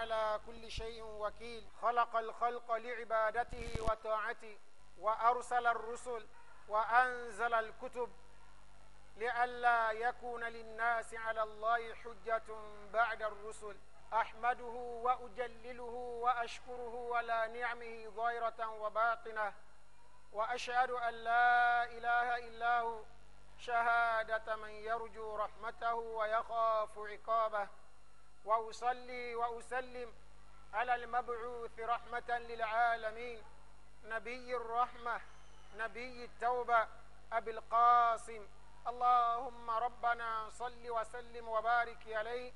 على كل شيء وكيل خلق الخلق لعبادته وطاعته وأرسل الرسل وأنزل الكتب لئلا يكون للناس على الله حجة بعد الرسل أحمده وأجلله وأشكره على نعمه ظاهرة وباطنة وأشهد أن لا إله إلا هو شهادة من يرجو رحمته ويخاف عقابه وأصلي وأسلم على المبعوث رحمة للعالمين نبي الرحمة نبي التوبة أبي القاسم اللهم ربنا صل وسلم وبارك عليه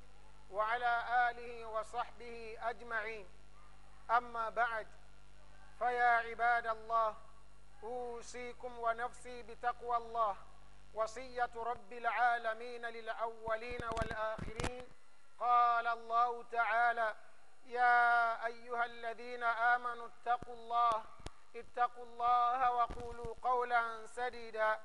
وعلى آله وصحبه أجمعين أما بعد فيا عباد الله أوصيكم ونفسي بتقوى الله وصية رب العالمين للأولين والآخرين قال الله تعالى يا ايها الذين امنوا اتقوا الله اتقوا الله وقولوا قولا سديدا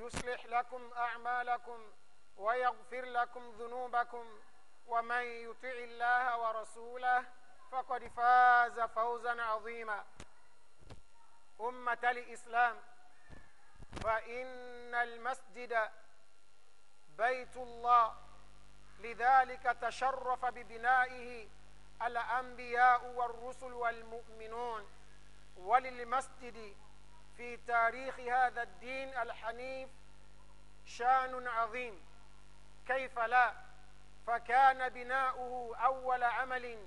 يصلح لكم اعمالكم ويغفر لكم ذنوبكم ومن يطع الله ورسوله فقد فاز فوزا عظيما امه الاسلام فان المسجد بيت الله لذلك تشرف ببنائه الأنبياء والرسل والمؤمنون وللمسجد في تاريخ هذا الدين الحنيف شان عظيم كيف لا فكان بناؤه أول عمل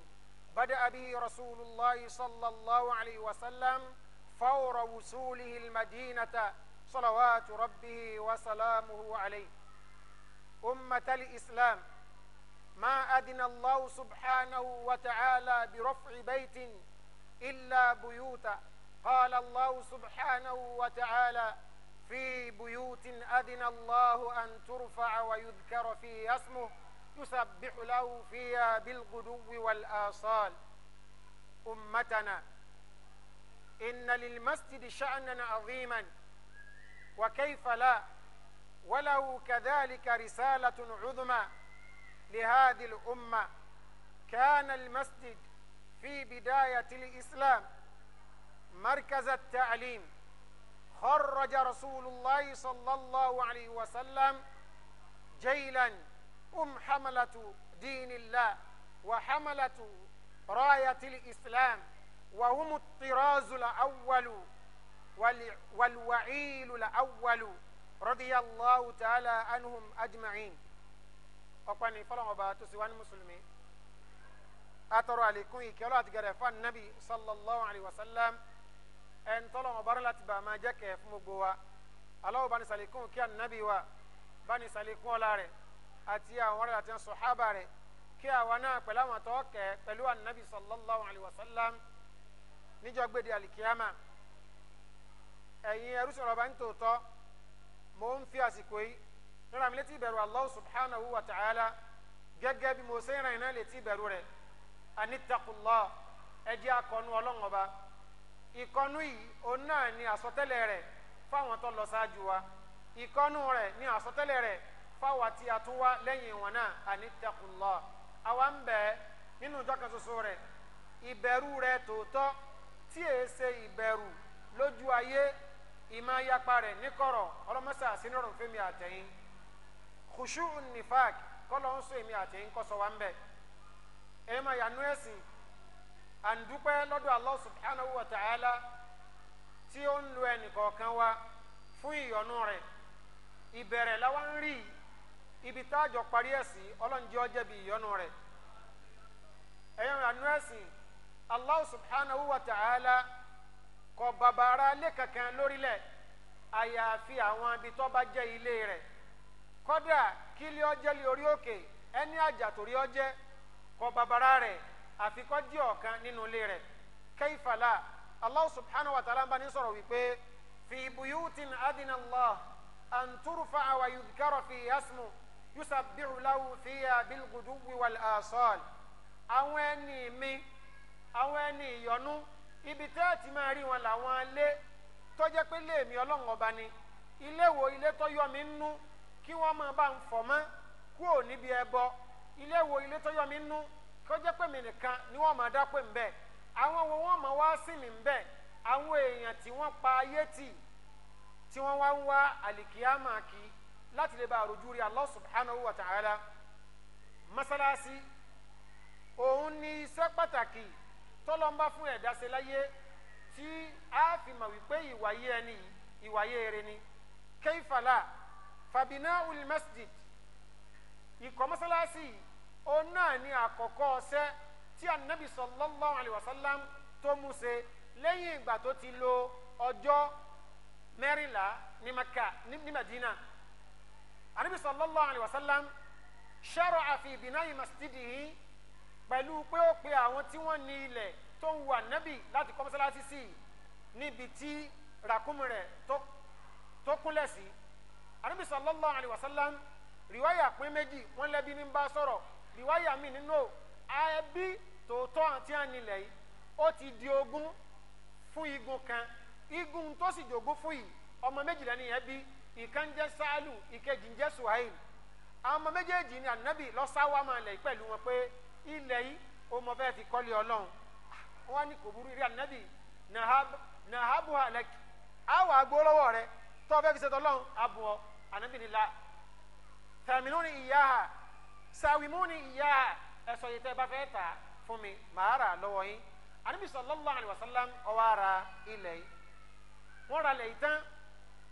بدأ به رسول الله صلى الله عليه وسلم فور وصوله المدينة صلوات ربه وسلامه عليه أمة الإسلام ما أذن الله سبحانه وتعالى برفع بيت إلا بيوتا قال الله سبحانه وتعالى في بيوت أذن الله أن ترفع ويذكر فيها اسمه يسبح له فيها بالغدو والآصال أمتنا إن للمسجد شأنا عظيما وكيف لا ولو كذلك رسالة عظمى لهذه الأمة كان المسجد في بداية الإسلام مركز التعليم خرج رسول الله صلى الله عليه وسلم جيلا أم حملة دين الله وحملة راية الإسلام وهم الطراز الأول والوعيل الأول رضي الله تعالى عنهم أجمعين ọpẹ́ ní fọlọmọba tó sì wá ní mùsùlùmí atọrọ àlékún ìkẹlọ àti gẹrẹ fún anabi sallallahu alayhi wa sallam ẹn tọlọmọba rẹ láti bàá máa jẹ kẹ fún gbogbo wa aláwọ bani salikun kí anabi wa bani salikun ọlá rẹ àti àwọn rẹ àti sọhábà rẹ kí àwa náà pẹ̀lú àwọn tó kẹ pẹ̀lú anabi sallallahu alayhi wa sallam níjọ́ gbèdé alikiyama ẹ̀yin ẹrú bá ń tòótọ́ mò ń fi àsìkò yìí rárá mi létí ìbẹ̀rù Allah subhanahu wa ta'ala gẹ́gẹ́ bí mo ṣe ń rìn náà létí ìbẹ̀rù rẹ̀ anittaqullah ẹ jẹ́ akọnu ọlọ́run ọba ìkọnu yìí òun náà ni àsọtẹ́lẹ̀ rẹ̀ fáwọn tó lọ ṣáájú wa ìkọnu rẹ̀ ni àsọtẹ́lẹ̀ rẹ̀ fáwọn tí a tún wá lẹ́yìn wọn náà anittaqullah àwa ń bẹ nínú ìjọ kan rẹ̀ ìbẹ̀rù rẹ̀ tòótọ́ tí èé ṣe ìbẹ̀rù lójú ayé ìmáyapa rẹ̀ níkọ̀rọ̀ ọlọ́mọṣà sínú ọ̀rùn fẹ́mi àtẹ̀yìn khushu'u nifaq kọ́lọ́ ń sọ èmi àti ń kọ́sọ wa ń bẹ̀ ẹ máa yànú ẹ̀sìn àǹdúpẹ́ lọ́dọ̀ Allah subhanahu wa ta'ala tí ó ń lo ẹnì kọ̀ọ̀kan wa fún ìyọ́nú rẹ̀ ìbẹ̀rẹ̀ la wá ń rí ibi tá a jọ parí ẹ̀sìn ọlọ́njẹ́ ọjẹ́ bí ìyọ́nú rẹ̀ ẹ̀yàn yànú ẹ̀sìn Allah subhanahu wa ta'ala kò bàbàrà lé kankan lórílẹ̀ àwọn ibi bá jẹ́ ilé rẹ̀ kọ́dà kí ilé ọjẹ́ lé orí òkè ẹni àjà torí ọjẹ́ kọ bàbàrà rẹ̀ àfi kọ́ jí ọ̀kan nínú ilé rẹ̀ kẹ́ìfàlà Allah subhanahu wa ta'ala ń bá ní sọ̀rọ̀ wípé fi buyutin adina Allah an turfa wa yudhkara fi yasmu yusabbihu lahu fiha bilguduwi wal asal àwọn ẹni mi àwọn ẹni ìyọnu ibi tẹ́ ẹ máa rí wọn làwọn ilé tó pé ilé ọlọ́run ọba ni ilé wo ilé tó yọ mi nú kí wọ́n máa bá ń fọ̀ mọ́ kúrò níbi ẹbọ ilé wo ilé tó yọ mí nú kó jẹ́ pé mi nìkan ni wọ́n máa dápé ń bẹ̀ àwọn wo wọ́n máa wá sí mi ń bẹ̀ àwọn èèyàn tí wọ́n pa ayé tì tí wọ́n wá ń wá àlìkíyàmà kí láti lè bá àròjú rí Allah subhanahu wa ta'ala mọ́sálásí òun ni iṣẹ́ pàtàkì tọ́lọ́mbá fún ẹ̀dá ṣe láyé tí a fi mọ̀ wípé ìwàyé ẹni ìwàyé eré ni kéfàlà fàbínà ulmasjid ikọ̀ mọ́sálásì òun náà ni àkọ́kọ́ ọ̀sẹ́ tí anabi sallallahu alayhi wa sallam tó mú ṣe lẹ́yìn ìgbà tó ti lo ọjọ́ mẹ́rìnlá ní maka ní madina anabi sallallahu alayhi wa sallam shara'a fi binayi masjidihi pẹ̀lú pé ó pe àwọn tí wọ́n ní ilẹ̀ tó ń wà nẹ́bì láti kọ́ sí níbi tí ràkúnmù rẹ̀ tó kúnlẹ̀ sí anabi sallallahu alayhi wa sallam riwaya pín méjì wọn lẹbi ní bá sọ̀rọ̀ riwaya mi nínú ẹbí tòótọ́ àti ànilẹ̀ yìí ó ti di ogún fún igun kan igun tó sì jogún fún yìí ọmọ méjìlá ni ẹbí ìkan jẹ́ sáálù ìkejì jẹ́ suhail àwọn ọmọ méjèèjì ni anabi lọ́sáwá máa lẹ̀ pẹ̀lú wọn pé ilẹ̀ yìí ó mọ fẹ́ fi kọ́lé ọlọ́run ah, wọn ní kò burú rí anabi nahabu halek àwọn agbóròwò rẹ tó fẹ́ fi ṣe tọ́lọ́run abu anabi ni la tẹminu ni ìyá ha sawimu ni ìyá ha ẹsọ yìí tẹ bá fẹ́ ta fún mi màá rà lọ́wọ́ yín anabi sallallahu alayhi wa sallam ọwọ ara ilẹ̀ yìí wọ́n ra lẹ̀ yìí tán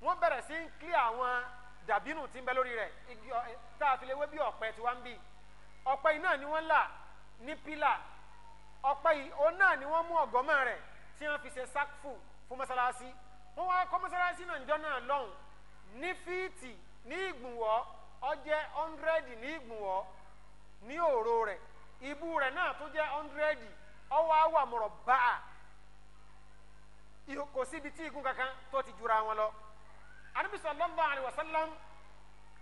wọ́n bẹ̀rẹ̀ sí ń kílí àwọn dàbínú tí ń bẹ lórí rẹ̀ igi eh, tá a fi lè wé bí ọ̀pẹ tí wọ́n ń bì ọ̀pẹ yìí náà ni wọ́n là ní pílà ọ̀pẹ yìí òun náà ni wọ́n mú ọ̀gọ́mọ̀ rẹ̀ tí wọ́n fi ṣe sákfù fún mọ́sálásí wọ́n wá kọ́ mọ́sálásí náà níjọ́ náà lọ́hùn ní fíìtì ní ìgbùnwọ́ ó jẹ́ ọ́ndrẹ́dì ní ìgbùnwọ́ ní òró rẹ̀ ìbú rẹ̀ náà tó jẹ́ ọ́ndrẹ́dì ó wá wà mọ̀rọ̀ báà kò síbi tí igun kankan tó ti jura wọn lọ Ànábì sallallahu alaihi wasallam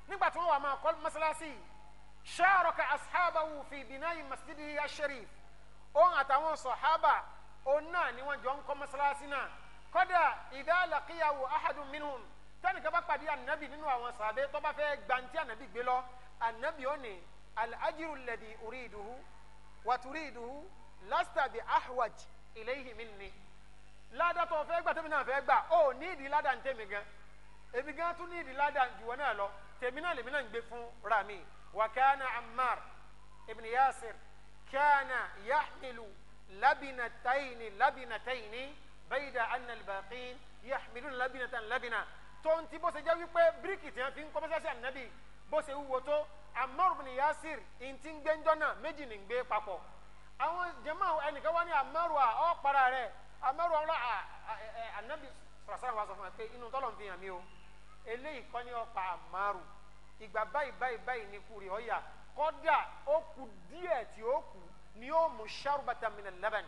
nígbà tí wọ́n wà máa kọ́ mọ́sálásí sharaka ashabahu fi binayi masjidi asharif òun àtàwọn sọ̀hábà òun náà ni wọ́n jọ ń kọ́ mọ́sálásí náà kọ́dà idha laqiyahu ahadun minhum tẹnìkan bá pàdé ànábì nínú àwọn sàbẹ tó bá fẹ́ gbanti ànábì gbé lọ ànábì ó ní alajiru lẹbi uriduhu waturiduhu lasta bi ahwaj ilayhi minni ládàá tó fẹ́ gbà tèmi náà fẹ́ gbà ó ní ìdí ládàá ń tèmi gan èmi gan tún ní ìdí ládàá jùwọ náà lọ tèmi náà lèmi náà ń gbé fún rami wakana ammar ibn yasir kana yahmilu labinatayni labinatayni bayda anna albaqin yahmiluna labinatan labina. labina tonti bó ṣe jẹ́ wípé bíríkì tí wọ́n fi ń kọ́ mọ́sálásí ànábì bó ṣe wúwo tó Ammar bin Yasir ntí ń gbé ńjọ́ náà méjì ní gbé papọ̀ àwọn jẹ́mọ́ ẹnìkan wá ní Ammar à ọ́ para rẹ̀ Ammar ọ̀la ànábì sàràsàrà wa sọ fún wa pé inú tọ́lọ̀ ń fi hàn mí o eléyìí kọ́ ní ọ̀pá Ammar ìgbà báyìí báyìí báyìí ní kúrì ọ̀yà kọ́dà ó kù díẹ̀ tí ó kù ni ó mú sharubata min al-laban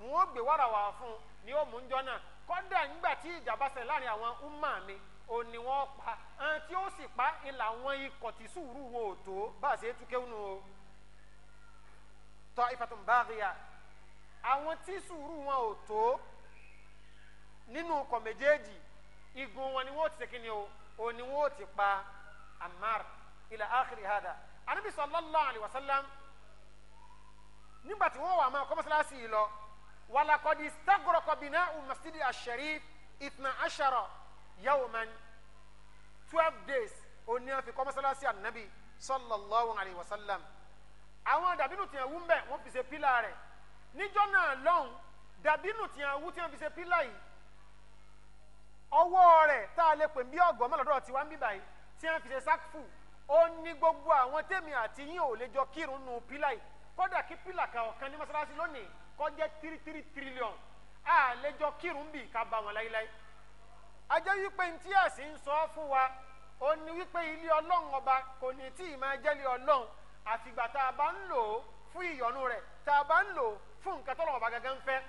wọn ó gbé wàrà wà fún ni ó mú ńjọ́ náà kọ́dà nígbà tí ìjà bá ṣẹlẹ̀ láàrin àwọn umma mi ò ní wọ́n pa àwọn tí ó sì pa ìlà àwọn ikọ̀ tí sùúrù wo ò tó bá a ṣe é túkẹ́ nù o ta'ifatun baghiya àwọn tí sùúrù wọn ò tó nínú ọkọ̀ méjèèjì igun wọn ni wọ́n ti ṣe o ò ní wọ́n ti pa Ammar ila akhiri hada anabi sallallahu alayhi wa nígbà tí wọ́n wà máa kọ́ mọ́sálásí yìí lọ. ولقد استغرق بناء المسجد الشريف 12 يوما 12 days òní àfi kọ́ mọ́sálásí ànábì sallallahu alayhi wa sallam àwọn dàbínú tiẹ̀ wú mbẹ́ wọ́n fi ṣe pílà rẹ̀ níjọ́ náà lọ́hùn dàbínú tiẹ̀ wú tí wọ́n fi ṣe pílà yìí ọwọ́ rẹ̀ tá a lè pè bí ọ̀gọ́ mọ́lọ́dọ́ tiwa ń bíbà yìí tí fi ṣe sákfù ó gbogbo àwọn tèmi àti yín ò lè jọ kírun nù pílà yìí kódà kí pílà kan ní mọ́sálásí lónìí kọjá tírí tírí tírílíọ̀n a lè jọ kírun bì ká ba wọn láíláí. ajẹ́ wípé ntí àsì ń sọ fún wa ó ní wípé ilé ọlọ́run ọba kò ní tí ì máa jẹ́lé ọlọ́run àfìgbà tá a bá ń lò ó fún ìyọ́nú rẹ̀ tá a bá ń lò ó fún nǹkan tọ́lọ́run ọba gangan fẹ́.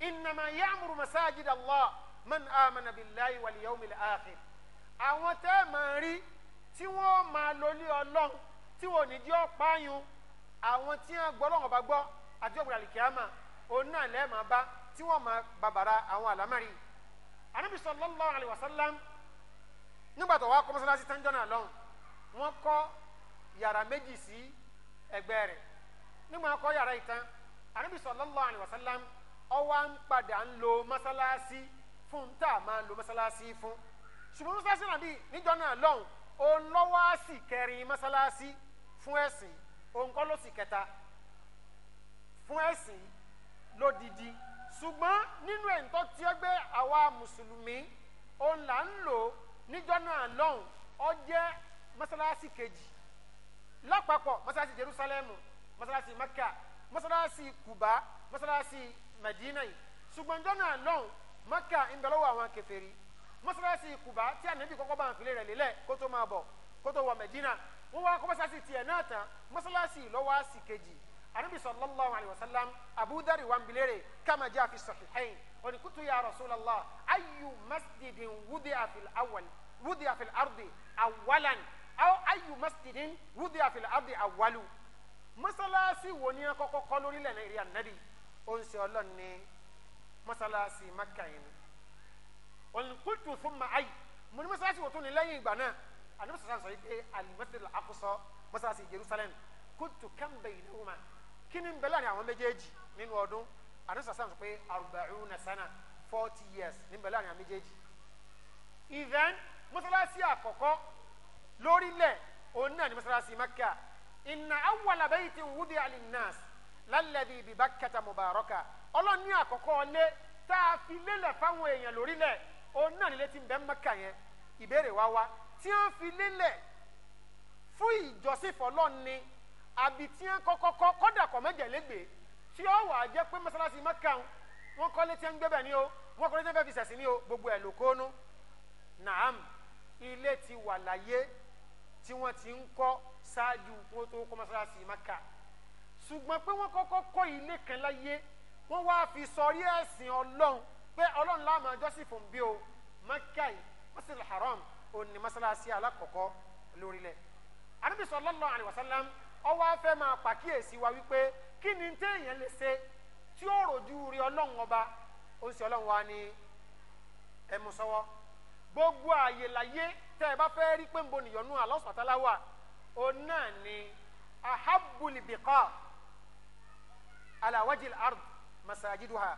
innama ya'muru masajid Allah man amana billahi wal yawmil akhir. àwọn tẹ́ ẹ̀ máa rí tí wọ́n máa lọ ilé ọlọ́run tí wọ́n ò ní jẹ́ ọ̀pá àwọn tí wọ́n gbọ́ ọlọ́run ọba gbọ́ àti ọ̀gbìn àlìkíyàmà òun náà lẹ́ẹ̀mọ́ bá tí wọ́n máa bàbàrà àwọn àlámárì anabi sallallahu alayhi wa sallam nígbà tó wá kọ́ mọ́sálásí tánjọ́ náà lọ́hùn wọ́n kọ́ yàrá méjì sí ẹgbẹ́ rẹ̀ nígbà wọ́n kọ́ yàrá ìtàn anabi sallallahu alayhi wa sallam ó wá ń padà ń lo mọ́sálásí fún tá a máa lo mọ́sálásí fún ṣùgbọ́n mọ́sálásí náà bí níjọ́ náà lọ́hùn lọ́wọ́ á sì kẹrin mọ́sálásí fún ẹ̀sìn òun ló sì kẹta fún ẹ̀sìn lódìdí ṣùgbọ́n nínú ẹ̀ ń tọ́ tí ó gbé àwa mùsùlùmí òun là ń lò níjọ́ náà lọ́hùn ó jẹ́ mọ́sálásí kejì lápapọ̀ mọ́sálásí Jerúsálẹ́mù mọ́sálásí Mẹ́kà mọ́sálásí Kùbá mọ́sálásí Mẹ́dínà yìí ṣùgbọ́n níjọ́ náà lọ́hùn Mẹ́kà ń bẹ lọ́wọ́ àwọn kèfèrí mọ́sálásí Kùbá tí ànábì kọ́kọ́ bá ń filé rẹ̀ lélẹ̀ kó tó máa bọ̀ kó tó wọ Mẹ́dínà wọ́n wá kọ́ mọ́sálásí tiẹ̀ náà tán mọ́sálásí lọ́wọ́ á anabi sallallahu alayhi wa sallam abudari wambilere kama jaa fi sahihayn wani kutu ya rasulallah ayu masjidin wudi'a fil awal wudi'a fil ardi awalan aw ayu masjidin wudi'a fil ardi awalu masalasi wo ni àkọ́kọ́ kọ́ lórí lẹ̀ ní anabi ó ń ṣe ọlọ́run ní masalasi makka yìí wani kutu thumma ayi mo ní masalasi wo tó ní lẹ́yìn ìgbà náà anabi sọ̀rọ̀ sọ̀rọ̀ yìí pé alimasiri al-aqsa masalasi jerusalem kutu kam baynahuma kí ni bẹ́lẹ̀ ni àwọn méjèèjì nínú ọdún àníṣà sáà sọ pé arbauna sana forty years ní bẹ́lẹ̀ ni àwọn méjèèjì ìvẹ́n mọ́sálásí àkọ́kọ́ lórílẹ̀ òun náà ni mọ́sálásí Makka inna awwala baytin wudi'a linnas lalladhi bi Bakkata mubaraka ọlọ́ni àkọ́kọ́ lé tá a fi lélẹ̀ fáwọn èèyàn lórílẹ̀ òun náà nílé tí bẹ Makka yẹn ìbéèrè wá wá tí wọ́n fi lélẹ̀ fún ìjọsìn fọlọ́ni àbìtíyàn kọ́kọ́kọ́ kọ́dà kọ́ mẹ́jẹ̀lẹ́gbẹ̀ tí ó wà á jẹ́ pé mọ́sálásí mẹ́kàn wọ́n kọ́lé tí ń gbé bẹ̀ ni o wọ́n kọ́lé tí ń fẹ́ fi sẹ̀sìn ni o gbogbo ẹ̀ ló naam ilé ti wà láyé tí wọ́n ti ń kọ́ ṣáájú wọn tó kọ́ mọ́sálásí mẹ́kà ṣùgbọ́n pé wọ́n kọ́kọ́ kọ́ ilé kan láyé wọ́n wá fi sọrí ẹ̀sìn ọlọ́run pé ọlọ́run láàmú àjọsìn fún bí o mẹ́kà yìí mọ́sálásí haram òní mọ́sálásí alákọ̀ọ́kọ́ lórílẹ̀ anábì sallallahu alaihi wasallam ọwọ́ afẹ́ máa pàkíyèsí wa wípé kí ni téèyàn lè ṣe tí ó rojú rí ọlọ́run ọba ó sì ọlọ́run wa ni ẹ mú sọ́wọ́ gbogbo ààyè láyé tẹ́ ẹ bá fẹ́ rí pé nbo nìyọ̀nù àlọ́sọ̀tàláwà òun náà ni ahabulibiqa alawajil ard masajiduha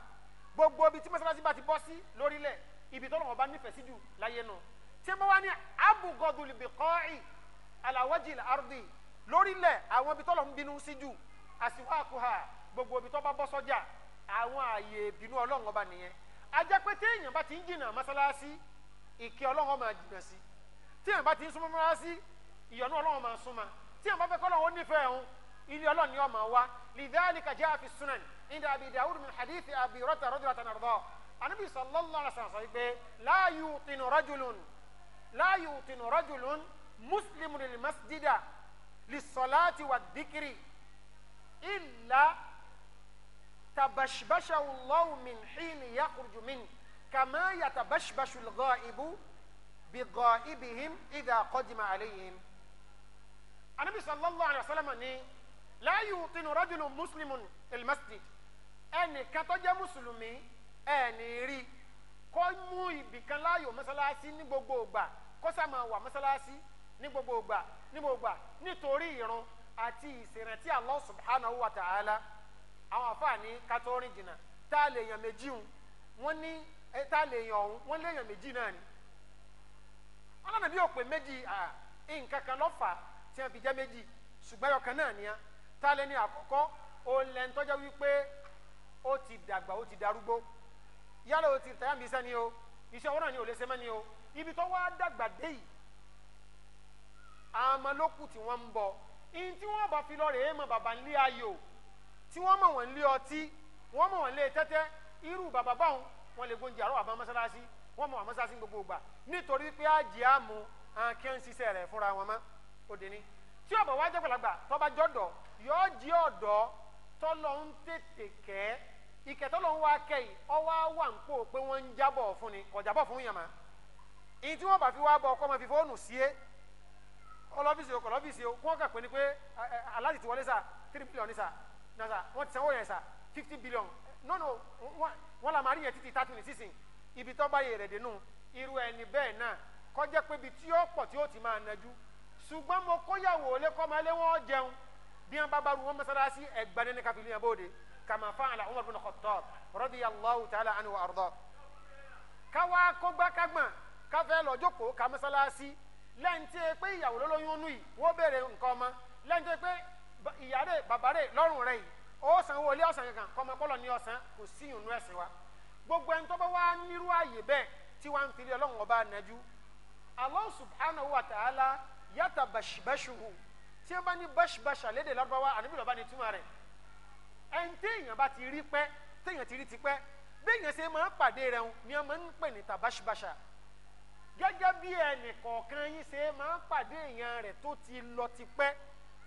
gbogbo ibi tí masalasi bá ti bọ́ sí lórílẹ̀ ibi tọ́lọ̀ wọn nífẹ̀ẹ́ sí jù láyé nù tí wọ́n wá ní abugọ́dulibiqa'i alawajil ardi lórílẹ̀ àwọn ibi tọ́lọ̀ ń bínú sí jù àsìwáàkùhà gbogbo ibi tó bá bọ́ sọ́jà àwọn ààyè ìbínú ọlọ́run ọba nìyẹn ajẹ́ pé téèyàn bá ti ń jìnnà mọ́sálásí ìkẹ́ ọlọ́run máa jìnnà sí téèyàn bá ti ń súnmọ́ mọ́sálásí ìyọ́nú ọlọ́run máa súnmọ́ téèyàn bá fẹ́ kọ́ ọlọ́run ó nífẹ̀ẹ́ òun ilé ọlọ́run ni ó máa wá lidhalika jaa fi sunan inda abi dawud min hadithi abi rata rọ́jùlá tàn àrùdọ́ anabi sallallahu alaihi wasallam sọ pé la yutinu rajulun la yutinu rajulun muslimun lil masjida للصلاة والذكر إلا تبشبشه الله من حين يخرج منه كما يتبشبش الغائب بغائبهم إذا قدم عليهم النبي صلى الله عليه وسلم لا يوطن رجل مسلم المسجد ẹnì kan tó jẹ́ mùsùlùmí ẹnì rí kó mú ibìkan láàyò mọ́sálásí ní gbogbo ìgbà kó sá máa wà mọ́sálásí ní gbogbo gbà ní gbogbo gbà nítorí ìrun àti ìsìnrántí Allah subhanahu wa ta'ala àwọn àfààní kátọ́rin jìnnà tá a lè yàn méjì ń wọ́n ní tá a lè yàn ọ̀hún wọ́n lè yàn méjì náà ni. ọlọ́nà bí òpè méjì nǹkan kan lọ́fà tí wọ́n fi jẹ́ méjì ṣùgbọ́n ẹyọ kan náà ni tá a lè ní àkọ́kọ́ olè ń tọ́jà wípé ó ti dàgbà ó ti darúgbó yálà ó ti tàyà mi o iṣẹ́ ọwọ́ náà ni ò lè ṣe mẹ́ni o ibi tó wá dàgbà dé yìí àmọ́ ló kù tí wọ́n ń bọ̀ ihun tí wọ́n bá fi lọ rèé mọ bàbá ńlé ayò tí wọ́n mọ̀ wọ́n lé ọtí wọ́n mọ̀ wọ́n lé tẹ́tẹ́ irú bàbá báwọn wọ́n lè gbóúnjẹ àrọ́ àbá mọ́sálásí wọ́n mọ̀ wọ́n mọ́sálásí gbogbo ìgbà nítorí pé àjì àmú àǹkẹ́ ń ṣiṣẹ́ rẹ̀ fúnra wọn mọ́ òde ni tí ọ̀bọ̀ wá jẹ́ gbàlagbà tọ́ba jọ́dọ̀ yọ́ọ́ jí ọ̀dọ́ ọlọ́fíìsì o kò lọ́fíìsì o wọ́n kà pé ni pé aláàjì ti wọlé sa three billion ni sa na sa wọ́n ti sanwó yẹn sa fifty billion no no wọ́n la máa rí yẹn títí thirty ní sísìn ibi tó bá yẹ rẹ̀ dénú irú ẹni bẹ́ẹ̀ náà kọjá pé ibi tí ó pọ̀ tí ó ti máa nájú ṣùgbọ́n mo kóyàwó lé kọ́mọ lé wọ́n jẹun bí wọ́n bá bá ru wọn mọ́sálásí ẹgbẹ́ni ní káfíńlì yẹn bóde kàmá fáàlà Umar bin Khattab radiyallahu ta'ala anhu arda káwá kógbá kágbọ̀n káfẹ́ lọ́jọ́ kó lẹ́yìn tí ẹ pé ìyàwó ló lóyún ọ̀nù yìí wọ́n béèrè nǹkan ọmọ lẹ́yìn tí ẹ pé ìyá rẹ̀ bàbá rẹ̀ lọ́rùn rẹ̀ yìí ó san owó ilé ọ̀sán kankan kọ́mọ kọ́lọ̀ ní ọ̀sán kò sí ìyọ̀nù ẹ̀sìn wa gbogbo ẹni tó bá wá nírú àyè bẹ́ẹ̀ tí wọ́n ń fi ọlọ́run ọba nàjú Allah subhanahu wa ta'ala yàtà bàṣìbàṣìhù tí wọ́n bá ní bàṣìbàṣà lédè lọ́dọ́wọ́ àníbí lọ́ba ní túmọ̀ rẹ̀ ẹni téèyàn bá ti rí pẹ́ téèyàn ti rí ti pẹ́ béèyàn ṣe máa ń pàdé rẹ̀ ni wọ́n gẹ́gẹ́ bí ẹnì kọ̀ọ̀kan yín ṣe máa ń pàdé èèyàn rẹ̀ tó ti lọ tipẹ́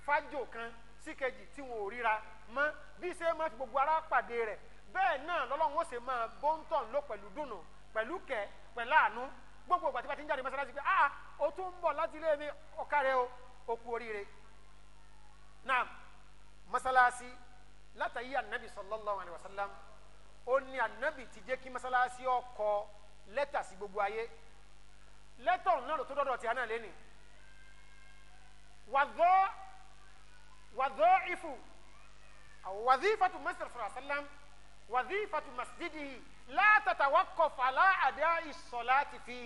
fájò kan síkejì tí wọn ò ríra mọ́ bí ṣe máa fi gbogbo ara pàdé rẹ̀ bẹ́ẹ̀ náà lọ́lọ́run ó ṣe máa bóńtọ̀ lọ pẹ̀lú dùnú pẹ̀lú kẹ́ pẹ̀lú àánú gbogbo ìgbà tí wọ́n ti ń jáde mọ́sálásí pé ah o tún ń bọ̀ láti ilé mi ọ̀ka rẹ o o kú oríire náà mọ́sálásí látàyé ànábì sallallahu lẹ́tọ̀ náà ló tó dọ́dọ̀ tí a náà lé ní. wàzọ́ ifu wàzífàtú masjid sàlám wàzífàtú masjidihi látàtà wákọ̀ fàlà àdá ìsọ̀lá ti fi.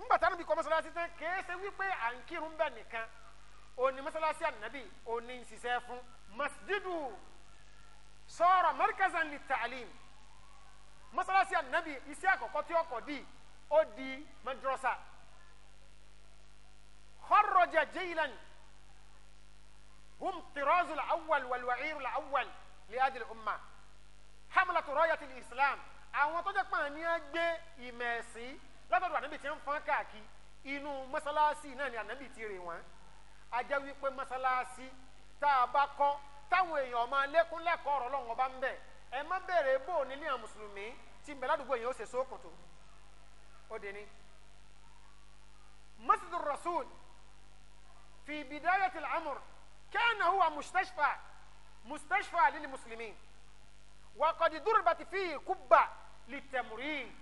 ńgbà táwọn bí kọ́ mọ́sálásí tán kìí ṣe wípé à ń kírun bẹ́ẹ̀ nìkan òní mọ́sálásí ànábì òní ń fún masjidu sọ̀rọ̀ markazan li ta'lim mọ́sálásí ànábì iṣẹ́ àkọ́kọ́ tí ọkọ̀ dì í ó di madrasa kharraja jaylan hum tirazul awwal wal wa'irul awwal li adil umma hamlatu rayati islam àwọn tó jẹ́ pàrọ̀ ní gbé ìmẹ̀sí látọ̀dọ̀ ànábì tí ń fọ́n káàkì inú mọ́sálásí náà ni ànábì ti rè wọ́n ajá wípé mọ́sálásí tá a bá kọ́ táwọn èèyàn máa lékún lẹ́kọ̀ọ́ ọ̀rọ̀ ọlọ́run ọba ń bẹ̀ ẹ má bẹ̀rẹ̀ bò nílé àwọn mùsùlùmí tí ń bẹ ládùúgbò yẹn ó ṣe sókòtò. So odini مسجد الرسول في بداية الأمر كان هو مستشفى مستشفى للمسلمين وقد ضربت فيه كبة للتمرين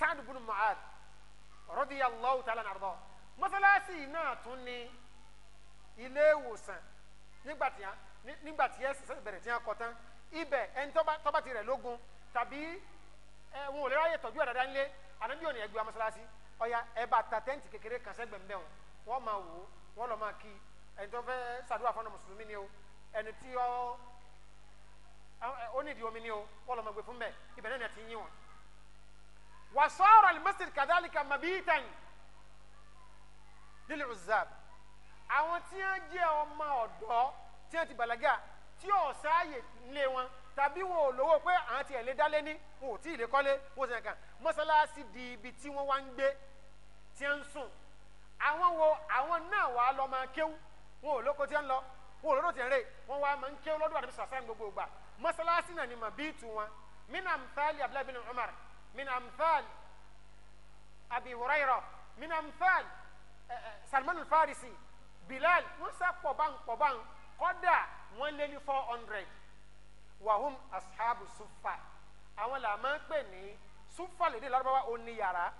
سعد بن معاذ رضي الله تعالى عنه أرضاه mọ́sálásí náà tún ní ilé ìwòsàn nígbàtí nígbàtí ẹ̀sìn bẹ̀rẹ̀ tí wọ́n kọ́ tán ibẹ̀ ẹni tọ́ba ti rẹ̀ lógun tàbí ẹ eh, wọn ò lè ráyè tọ́jú àdáda ńlẹ̀ ànábì òní ẹgbẹ́ amọ́sálásí ọ̀ya ẹ bá ta tẹ́ǹtì kékeré kan sẹ́gbẹ̀ẹ́ mbẹ́ wọn wọ́n máa wò ó wọ́n lọ máa kí ẹni tó fẹ́ sàdúrà fún ọ̀nà mùsùlùmí ni o ẹni tí ọ ó nídìí omi ni o wọ́n lọ máa gbé fún bẹ́ẹ̀ ibẹ̀ náà ni ẹ ti yín wọn. wàsọ́ọ̀rọ̀ alimẹ́sìtì kadhalika mabitan lílì uzab àwọn tí wọ́n jẹ́ ọmọ ọ̀dọ́ tí wọ́n ti bàlágà tí ọ̀sáàyè tàbí wọn ò lówó pé àwọn tiẹ̀ lè dálé ní wọn ò tí ì lè kọ́lé wọn ò sì nǹkan mọ́sálásí di ibi tí wọ́n wá ń gbé tí ń sùn àwọn wo àwọn náà wà á lọ máa kéwú wọn ò lóko tí ń lọ wọn ò lọ́dọ̀ tí ń rè wọn wá máa ń kéwú lọ́dọ̀ àdébísọ̀ sáà gbogbo ìgbà mọ́sálásí náà ni mà bí tu wọn min amthali abdulayi bin umar min amthali abi hurayra min amthali salman alfarisi bilal wọn sá pọ̀ bá pọ̀ bá kọ́dà wọn lé ní four hundred wàhùn ashabu sufa àwọn là máa ń pè ní sufa lédè lárúbáwá òní yàrá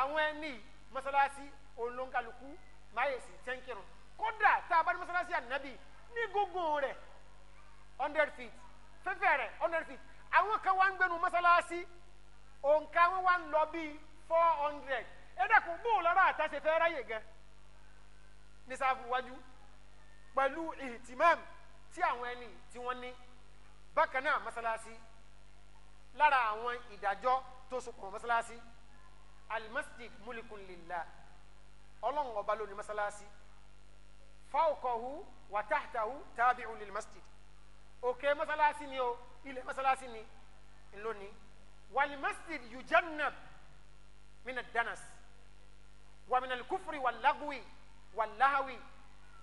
àwọn ẹni mọ́sálásí olóńkálukú máyèsí tẹ́ńkìrún kódà tá a bá ní mọ́sálásí ànábì ní gbogbo rẹ̀ hundred feet fẹ́fẹ́ rẹ̀ hundred feet àwọn kan wá ń gbẹnu mọ́sálásí òǹkà wọn wá ń lọ bíi four hundred ẹ dẹ́kun bóun lọ́rọ̀ àtàṣe fẹ́ ráyè gan ní sáfù wájú pẹ̀lú ìhìtìmọ́ọ̀mù tí àwọn ẹni tí wọ́n ní bákan náà masalasi lára àwọn ìdájọ́ tó sokùn masalasi almasjid mulikun lillah ọlọ́run ọba ló ni masalasi fawqahu wa tahtahu tabi'un lil masjid òkè masalasi ni o ilẹ̀ masalasi ni ńlọni wal yujannab min danas wa min al-kufri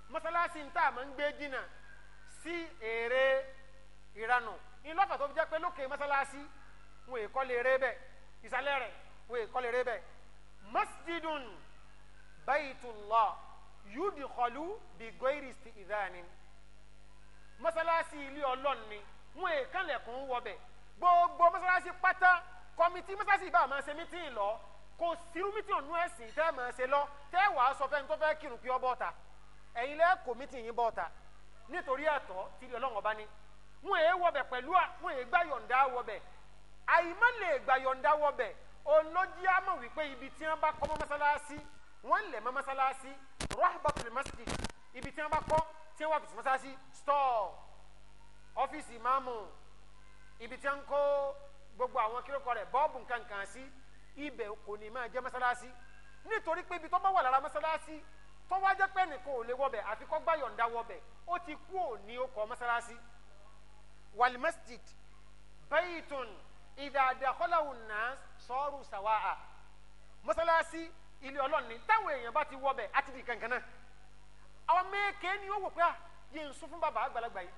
masalasi ń ń gbé jìnnà sí èrè. Si ìranù ńlọ́fà tó fi jẹ́ pé lókè mọ́sálásí wọn èkó lè ré bẹ́ẹ̀ ìsàlẹ̀ rẹ̀ wọn èkó lè ré bẹ́ẹ̀ masjidun bayitullah yudikọlu bi goyiristi idanin mọ́sálásí ilé ọlọ́run ni wọn èkán lẹ̀kùn wọbẹ̀ gbogbo mọ́sálásí pátá kọ́mítì mọ́sálásí ìbá máa ṣe mítìn lọ kò sírú mítìn ọ̀nù ẹ̀sìn tẹ́ máa ṣe lọ tẹ́ wàá sọ fẹ́ni tó fẹ́ kírun pé ọ bọ́ta ẹ̀yin lẹ́ẹ̀kọ́ mítìn yín bọ́ta nítorí ẹ̀tọ́ tí ọlọ́run ọba ní wọn èé wọ bẹ pẹ̀lú à wọn èé gbà yọ̀ǹda wọ bẹ àyìnbá lè gbà yọ̀ǹda wọ bẹ olójì àmọ̀ wípé ibi tí wọn bá kọ́ mọ́ mọ́sálásí wọn lè mọ́ mọ́sálásí rahbatul masjid ibi tí wọn bá kọ́ tí wọn fi mọ́sálásí stọọ ọfíìsì máàmù ibi tí wọn kó gbogbo àwọn kílókọ rẹ bọ́ọ̀bù nkankan sí ibẹ̀ kò ní máa jẹ́ mọ́sálásí nítorí pé ibi tó bá wà lára mọ́sálásí tó wá jẹ́ pé lè wọbẹ̀ àfikọ́ gbà yọ̀ǹda wọbẹ̀ ó ti kú òní ó kọ́ mọ́sálásí والمسجد بيت إذا دخله الناس صاروا سواء mọ́sálásí سي ọlọ́run ألون نتاوي èèyàn bá أتدي wọ bẹ̀ àti di kankan náà àwọn mẹ́ẹ̀kẹ́ ni ó wò pé à yé n sún fún bàbá àgbàlagbà yìí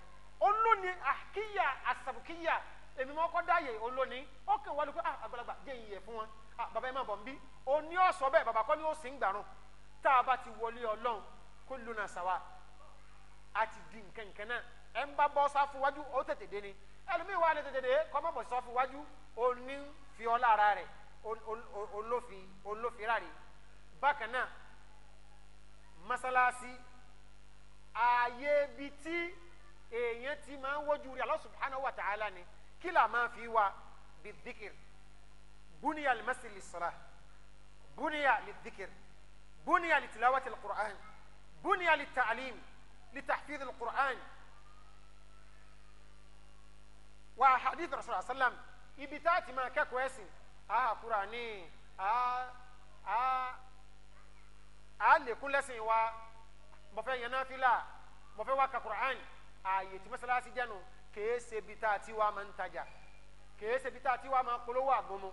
olóni àkíyà àsàbùkíyà èmi mọ́ kọ́ dáyè olóni ọkàn wà ló pé à àgbàlagbà yé n yẹ fún wọn à bàbá yẹn bọ̀ ń bí ọ̀sọ́ bẹ́ẹ̀ bàbá kọ́ ni ó sì ń gbàrún tá a bá ti wọlé ọlọ́run kó lónà sàwà àti di nkankan náà ẹnba bọ sáfù wájú ó tètè dé ni ẹlòmíì wà ní tètè dé kọ́mọ bọ̀ sáfù wájú òní fi ọlá ara rẹ̀ olófin olófin rà rè bákan náà masalasi ààyè bi tí èèyàn ti máa ń wójú rí Allah subhanahu wa ta'ala ni kí là máa fi wá bi dhikr buniya al-masjid lis-salah buniya lidhikr buniya litilawati quran buniya lit-ta'lim litahfidh al-Qur'an wa hadith rasulillah sallam ibi tá a ti máa kẹ́kọ̀ọ́ ẹ̀sìn a kura ní a a a lékún lẹ́sìn wa mo fẹ́ yan náfìlà mo fẹ́ wá ka Qur'an ààyè tí mọ́sálásí jẹ́nu kèé ṣe ibi tá ti wá máa ń tajà kèé ṣe ibi ti wá máa polówó àgbọ̀mọ́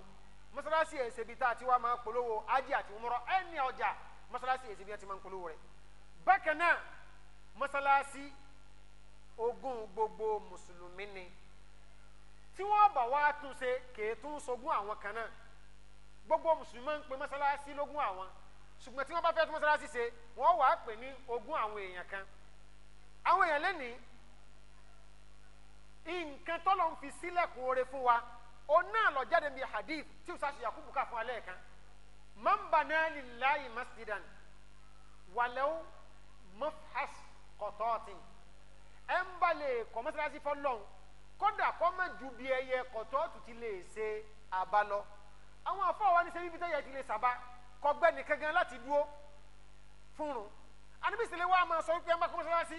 mọ́sálásí yẹn ṣe ibi tá a ti wá máa polówó ájì àti umrọ ẹni ọjà mọ́sálásí yẹn ṣe ibi ti máa ń polówó rẹ̀ bákan náà mọ́sálásí ogún gbogbo mùsùlùmí ni tí wọ́n bá wá tún ṣe kèétún sogún àwọn kan náà gbogbo mùsùlùmí máa ń pe mọ́sálásí lógún àwọn ṣùgbọ́n tí wọ́n bá fẹ́ tún mọ́sálásí ṣe wọ́n wà á pè ní ogún àwọn èèyàn kan àwọn èèyàn lẹ́nìí nǹkan tọ́lọ̀ ń fi sílẹ̀kùn oore fún wa òun náà lọ jáde bíi hadith tí usaṣe yakubu kà fún alẹ́ kan man bana lillahi masjidan walaw mafhas kọ̀tọ́ọ̀tì ẹ̀ ń balẹ̀ kọ́ mọ́sálásí fọ́lọ́hún kódà kọ́mọ̀ ju bí ẹyẹ kọ̀tọ́ọ̀tù ti lè ṣe àbá lọ àwọn afọwọ́ ní sẹ́yìn bíi tẹ́yẹ ti lè sàbá kọgbẹ́ nìkan gan láti dúró fúnrun anibisile wa máa sọ wípé ẹ má kó mọ́sálásí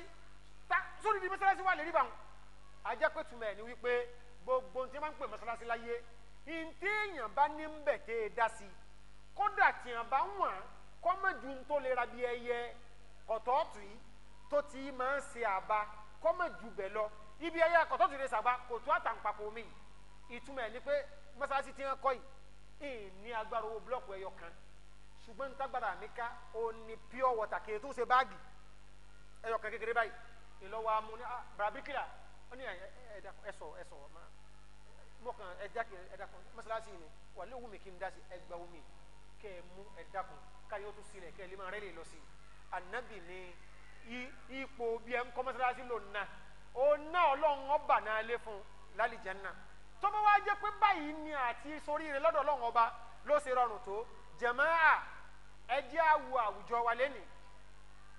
tá sórí ibi mọ́sálásí wà lè rí báwọn ajápẹ̀tùmọ̀ ẹ̀ ni wípé gbogbo tí wọ́n máa ń pè mọ́sálásí láyé ntí èèyàn bá ní ń bẹ̀ tẹ́ ẹ dá sí kódà tí èèyàn bá wọ̀n kọ́mọ̀jù ń tó lè ra bí ẹyẹ kọ̀tọ́ọ̀tù yìí tó ti máa ń ṣe àbá kọ́mọ̀jù bẹ̀ lọ ibi ẹyẹ kọtọ ti re sàgbà kò tó àtàǹpàpọ̀ mi ìtumọ̀ ẹ̀ ni pé mọ́sálásí ti hàn kọ́ yìí ní agbára owó búlọ́ọ̀kù ẹyọ kan ṣùgbọ́n ní mi ká o ní pure water kì í tún ṣe báàgì ẹyọ kan kékeré báyìí ìlọ́wọ́ amú ní ah, barabikira ó ní ẹ̀sọ̀ ẹ̀sọ̀ mọ̀kàn ẹ̀dákun ẹ̀dákun mọ́sálásí ni wà léwu mi kí n dá sí ẹgbẹ́ omi kẹ́ ẹ mú ẹ̀dákun káyọ̀ tún sílẹ̀ kẹ́ ẹ lè máa rẹ́lẹ̀ lọ sí i ànábì ni ipò bí ẹ ń kọ́ mọ́sálásí lò náà Ona náà ọlọ́run ọba náà lé fún un lálìjẹ́nà tó bá wá pé báyìí ni àti sórí rẹ lọ́dọ̀ ọlọ́run ọba ló ṣe rọrùn tó jàmáà ẹ jẹ́ àwùjọ wa lẹ́nìí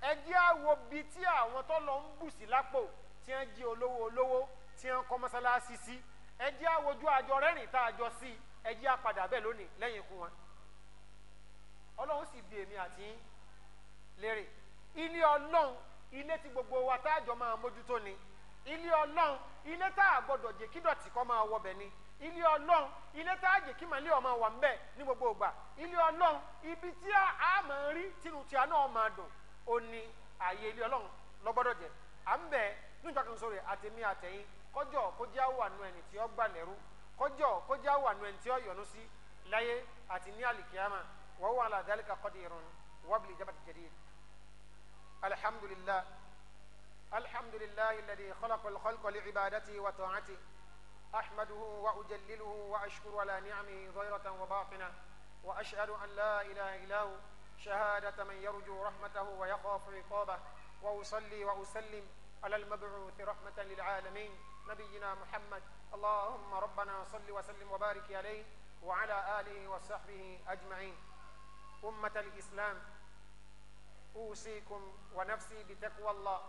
ẹ jẹ́ á wo bí tí àwọn tó lọ ń bù sí lápò tí wọ́n jí olówó olówó tí wọ́n kọ́ mọ́sálásí sí ẹ jẹ́ á wojú àjọ rẹ́rìn tá a jọ sí ẹ jẹ́ á padà bẹ́ẹ̀ lónìí lẹ́yìn ikú wọn ọlọ́run sì bí èmi àti lérè ilé ọlọ́run ilé tí gbogbo wa tá a jọ máa mójútó ni ilé ọlọ́run ilé tá a gbọ́dọ̀ jẹ́ kí dọ̀tí kó máa wọbẹ̀ ni ilé ọlọ́run ilé tá a jẹ́ kí màlẹ́ ọmọ wà ń bẹ̀ ní gbogbo ìgbà ilé ọlọ́run ibi tí a máa rí tinú tí a náà máa dùn ó ní ààyè ilé ọlọ́run lọ́gbọ́dọ̀ jẹ́ à ń bẹ̀ níjọ́ kan sórí àtẹ̀mí àtẹ̀yìn kọjọ́ kọjá wà nù ẹni tí ó gbà lẹ́rú kọjọ́ kọjá wà nù ẹni tí ó yọ́nú sí láyé àti ní àlìkíyàmà wọ́n wà ládàlíkà alhamdulillah الحمد لله الذي خلق الخلق لعبادته وطاعته أحمده وأجلله وأشكر على نعمه ظاهرة وباطنة وأشهد أن لا إله إلا شهادة من يرجو رحمته ويخاف عقابه وأصلي وأسلم على المبعوث رحمة للعالمين نبينا محمد اللهم ربنا صل وسلم وبارك عليه وعلى آله وصحبه أجمعين أمة الإسلام أوصيكم ونفسي بتقوى الله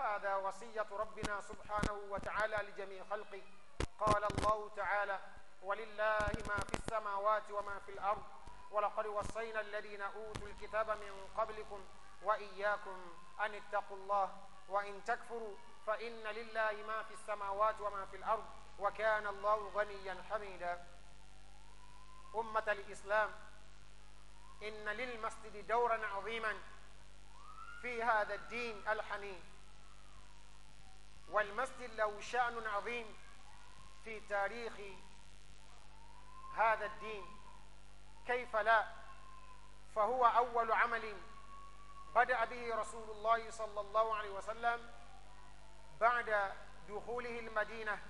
هذا وصية ربنا سبحانه وتعالى لجميع خلقه قال الله تعالى ولله ما في السماوات وما في الأرض ولقد وصينا الذين أوتوا الكتاب من قبلكم وإياكم أن اتقوا الله وإن تكفروا فإن لله ما في السماوات وما في الأرض وكان الله غنيا حميدا أمة الإسلام إن للمسجد دورا عظيما في هذا الدين الحنين والمسجد له شأن عظيم في تاريخ هذا الدين كيف لا فهو أول عمل بدأ به رسول الله صلى الله عليه وسلم بعد دخوله المدينة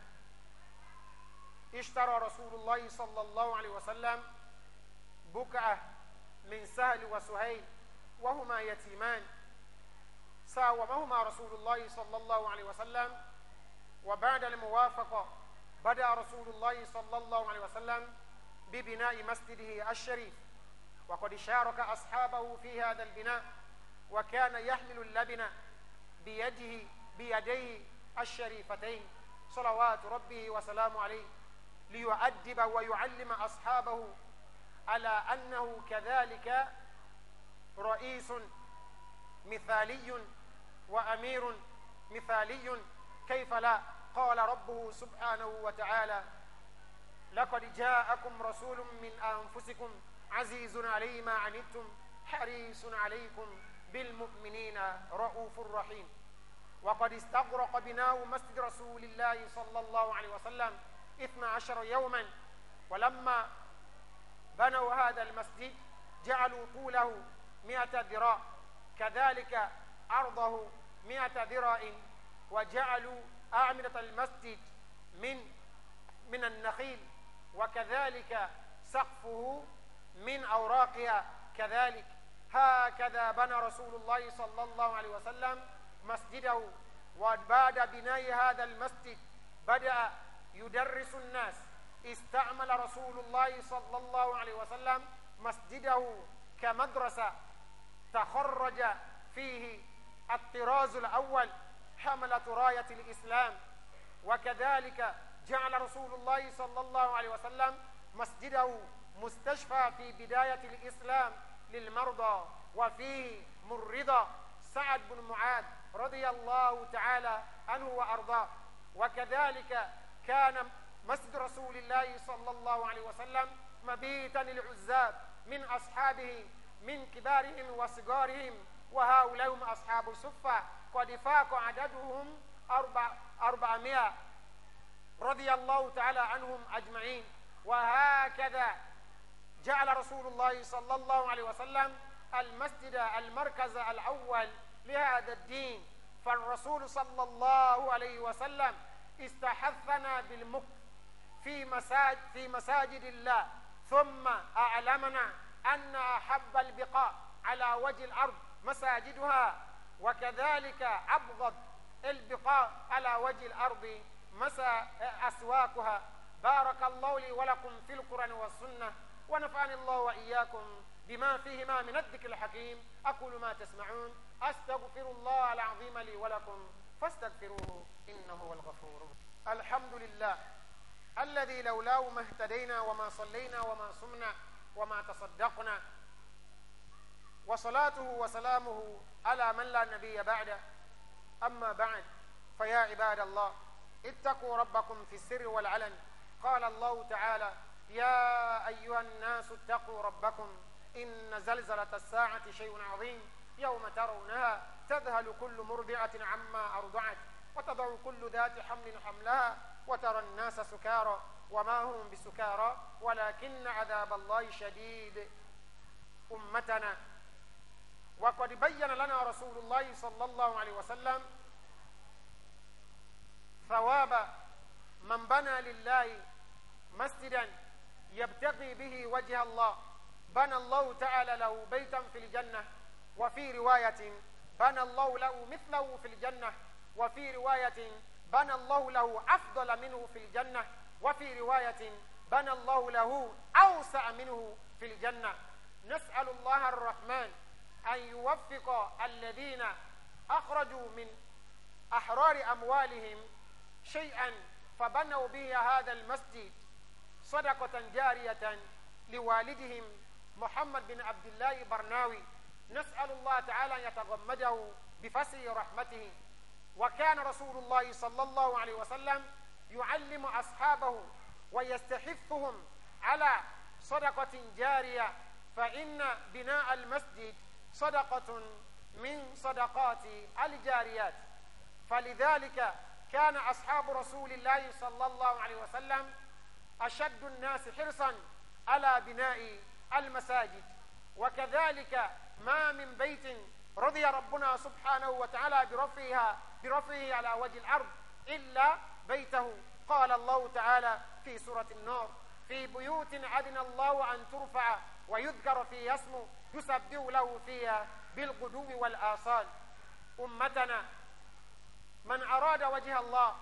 اشترى رسول الله صلى الله عليه وسلم بكعة من سهل وسهيل وهما يتيمان ساومهما رسول الله صلى الله عليه وسلم وبعد الموافقة بدأ رسول الله صلى الله عليه وسلم ببناء مسجده الشريف وقد شارك أصحابه في هذا البناء وكان يحمل اللبن بيده بيديه الشريفتين صلوات ربه وسلام عليه ليؤدب ويعلم أصحابه على أنه كذلك رئيس مثالي وأمير مثالي كيف لا قال ربه سبحانه وتعالى لقد جاءكم رسول من أنفسكم عزيز علي ما عنتم حريص عليكم بالمؤمنين رؤوف رحيم وقد استغرق بناء مسجد رسول الله صلى الله عليه وسلم 12 يوما ولما بنوا هذا المسجد جعلوا طوله 100 ذراع كذلك عرضه مئة ذراع وجعلوا أعمدة المسجد من من النخيل وكذلك سقفه من أوراقها كذلك هكذا بنى رسول الله صلى الله عليه وسلم مسجده وبعد بناء هذا المسجد بدأ يدرس الناس استعمل رسول الله صلى الله عليه وسلم مسجده كمدرسة تخرج فيه الطراز الأول حملة راية الإسلام وكذلك جعل رسول الله صلى الله عليه وسلم مسجده مستشفى في بداية الإسلام للمرضى وفيه مرضى سعد بن معاذ رضي الله تعالى عنه وأرضاه وكذلك كان مسجد رسول الله صلى الله عليه وسلم مبيتا للعزاب من أصحابه من كبارهم وصغارهم وهؤلاء هم أصحاب الصفة قد فاق عددهم أربع أربعمائة رضي الله تعالى عنهم أجمعين وهكذا جعل رسول الله صلى الله عليه وسلم المسجد المركز الأول لهذا الدين فالرسول صلى الله عليه وسلم استحثنا بالمكر في مساجد, في مساجد الله ثم أعلمنا أن أحب البقاء على وجه الأرض مساجدها وكذلك أبغض البقاء على وجه الأرض مسا أسواقها بارك الله لي ولكم في القرآن والسنة ونفعني الله وإياكم بما فيهما من الذكر الحكيم أقول ما تسمعون أستغفر الله العظيم لي ولكم فاستغفروه إنه هو الغفور الحمد لله الذي لولاه ما اهتدينا وما صلينا وما صمنا وما تصدقنا وصلاته وسلامه على من لا نبي بعده أما بعد فيا عباد الله اتقوا ربكم في السر والعلن قال الله تعالى يا أيها الناس اتقوا ربكم إن زلزلة الساعة شيء عظيم يوم ترونها تذهل كل مرضعة عما أرضعت وتضع كل ذات حمل حملها وترى الناس سكارى وما هم بسكارى ولكن عذاب الله شديد أمتنا وقد بين لنا رسول الله صلى الله عليه وسلم ثواب من بنى لله مسجدا يبتغي به وجه الله بنى الله تعالى له بيتا في الجنة وفي رواية بنى الله له مثله في الجنة وفي رواية بنى الله له أفضل منه في الجنة وفي رواية بنى الله له أوسع منه في الجنة نسأل الله الرحمن أن يوفق الذين أخرجوا من أحرار أموالهم شيئا فبنوا به هذا المسجد صدقة جارية لوالدهم محمد بن عبد الله برناوي نسأل الله تعالى أن يتغمده بفسر رحمته وكان رسول الله صلى الله عليه وسلم يعلم أصحابه ويستحثهم على صدقة جارية فإن بناء المسجد صدقة من صدقات الجاريات فلذلك كان أصحاب رسول الله صلى الله عليه وسلم أشد الناس حرصا على بناء المساجد وكذلك ما من بيت رضي ربنا سبحانه وتعالى برفعها برفعه على وجه الأرض إلا بيته قال الله تعالى في سورة النور في بيوت عدن الله أن ترفع ويذكر فيها اسمه تسبح له فيها بالغدو والآصال أمتنا من أراد وجه الله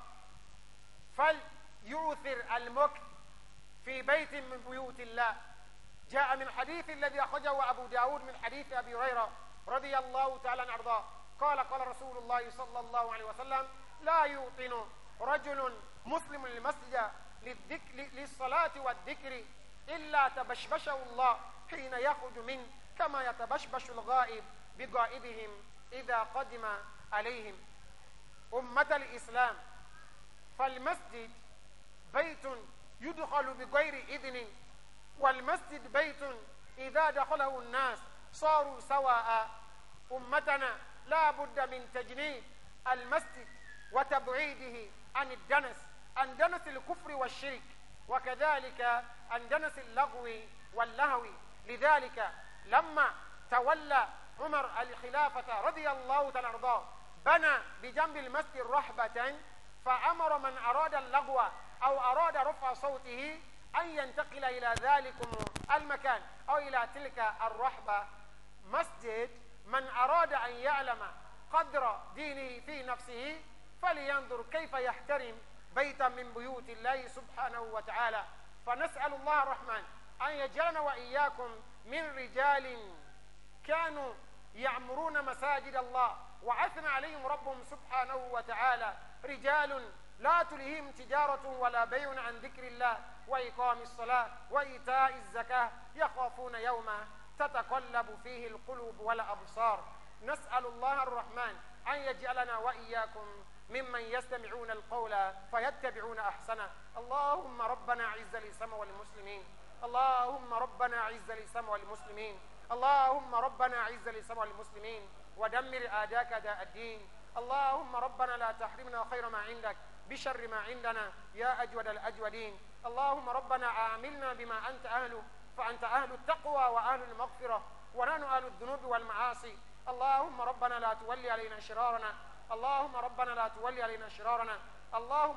فليؤثر المكر في بيت من بيوت الله جاء من حديث الذي أخرجه أبو داود من حديث أبي هريرة رضي الله تعالى عنه أرضاه قال قال رسول الله صلى الله عليه وسلم لا يوطن رجل مسلم للمسجد للذكر للصلاة والذكر إلا تبشبشه الله حين يخرج من كما يتبشبش الغائب بغائبهم إذا قدم عليهم أمة الإسلام فالمسجد بيت يدخل بغير إذن والمسجد بيت إذا دخله الناس صاروا سواء أمتنا لا بد من تجنيد المسجد وتبعيده عن الدنس عن دنس الكفر والشرك وكذلك عن دنس اللغو واللهو لذلك لما تولى عمر الخلافة رضي الله تعالى بنى بجنب المسجد رحبة فأمر من أراد اللغو أو أراد رفع صوته أن ينتقل إلى ذلك المكان أو إلى تلك الرحبة مسجد من أراد أن يعلم قدر دينه في نفسه فلينظر كيف يحترم بيتا من بيوت الله سبحانه وتعالى فنسأل الله الرحمن أن يجعلنا وإياكم من رجال كانوا يعمرون مساجد الله وعثنا عليهم ربهم سبحانه وتعالى رجال لا تلهيهم تجارة ولا بيع عن ذكر الله وإقام الصلاة وإيتاء الزكاة يخافون يوما تتقلب فيه القلوب والأبصار نسأل الله الرحمن أن يجعلنا وإياكم ممن يستمعون القول فيتبعون أحسنه اللهم ربنا عز الإسلام والمسلمين اللهم ربنا عز الإسلام والمسلمين اللهم ربنا عز الإسلام والمسلمين ودمر أعداءك داء الدين اللهم ربنا لا تحرمنا خير ما عندك بشر ما عندنا يا أجود الأجودين اللهم ربنا عاملنا بما أنت أهله فأنت أهل التقوى وأهل المغفرة ونحن أهل الذنوب والمعاصي اللهم ربنا لا تولي علينا شرارنا اللهم ربنا لا تولي علينا شرارنا اللهم